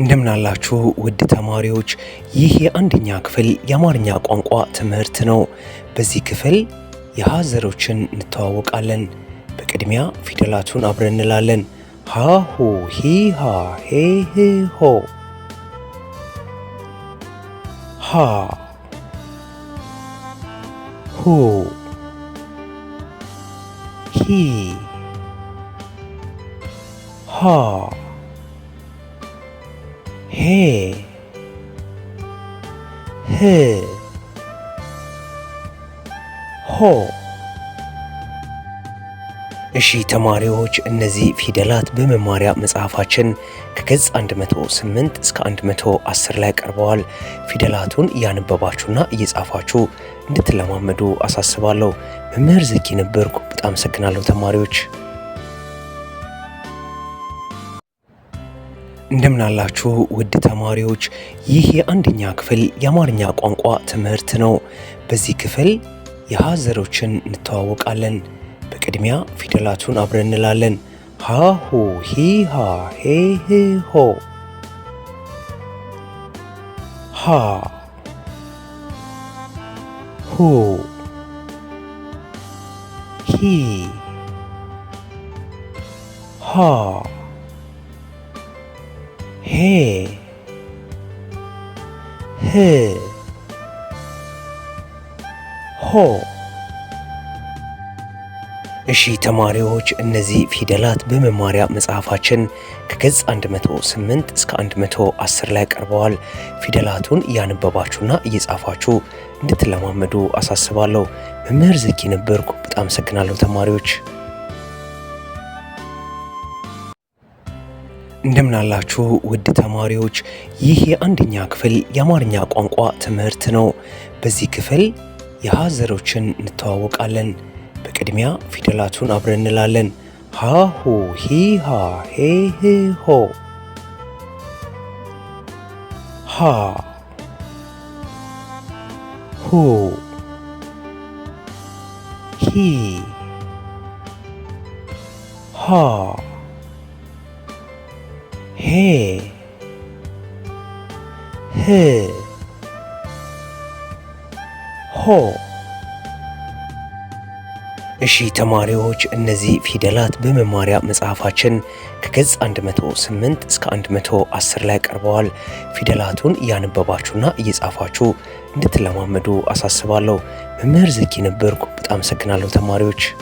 እንደምናላችሁ ውድ ተማሪዎች፣ ይህ የአንደኛ ክፍል የአማርኛ ቋንቋ ትምህርት ነው። በዚህ ክፍል የሀዘሮችን እንተዋወቃለን። በቅድሚያ ፊደላቱን አብረን እንላለን። ሃሁ ሂሃ ሂ ሆ ሁ ሂ ሃ ሄ ህ ሆ። እሺ ተማሪዎች እነዚህ ፊደላት በመማሪያ መጽሐፋችን ከገጽ 108 እስከ 110 ላይ ቀርበዋል። ፊደላቱን እያነበባችሁና እየጻፋችሁ እንድትለማመዱ አሳስባለሁ። መምህር ዘኪ ነበርኩ። በጣም አመሰግናለሁ ተማሪዎች። እንደምናላችሁ ውድ ተማሪዎች ይህ የአንደኛ ክፍል የአማርኛ ቋንቋ ትምህርት ነው። በዚህ ክፍል የሀ ዘሮችን እንተዋወቃለን። በቅድሚያ ፊደላቱን አብረን እንላለን። ሃሁ ሂሃ ሂ ሀ ሁ ሂ ሃ ሄ ህ ሆ። እሺ ተማሪዎች እነዚህ ፊደላት በመማሪያ መጽሐፋችን ከገጽ 108 እስከ 110 ላይ ቀርበዋል። ፊደላቱን እያነበባችሁና እየጻፋችሁ እንድትለማመዱ አሳስባለሁ። መምህር ዘኪ ነበርኩ። በጣም አመሰግናለሁ ተማሪዎች። እንደምናላችሁ ውድ ተማሪዎች፣ ይህ የአንደኛ ክፍል የአማርኛ ቋንቋ ትምህርት ነው። በዚህ ክፍል የሀዘሮችን እንተዋወቃለን። በቅድሚያ ፊደላቱን አብረን እንላለን። ሃሁ ሂሃ ሂ ሆ ሃ ሁ ሂ ሃ ሄ ህ ሆ። እሺ ተማሪዎች እነዚህ ፊደላት በመማሪያ መጽሐፋችን ከገጽ 108 እስከ 110 ላይ ቀርበዋል። ፊደላቱን እያነበባችሁና እየጻፋችሁ እንድትለማመዱ አሳስባለሁ። መምህር ዝኪ ነበርኩ። በጣም አመሰግናለሁ ተማሪዎች።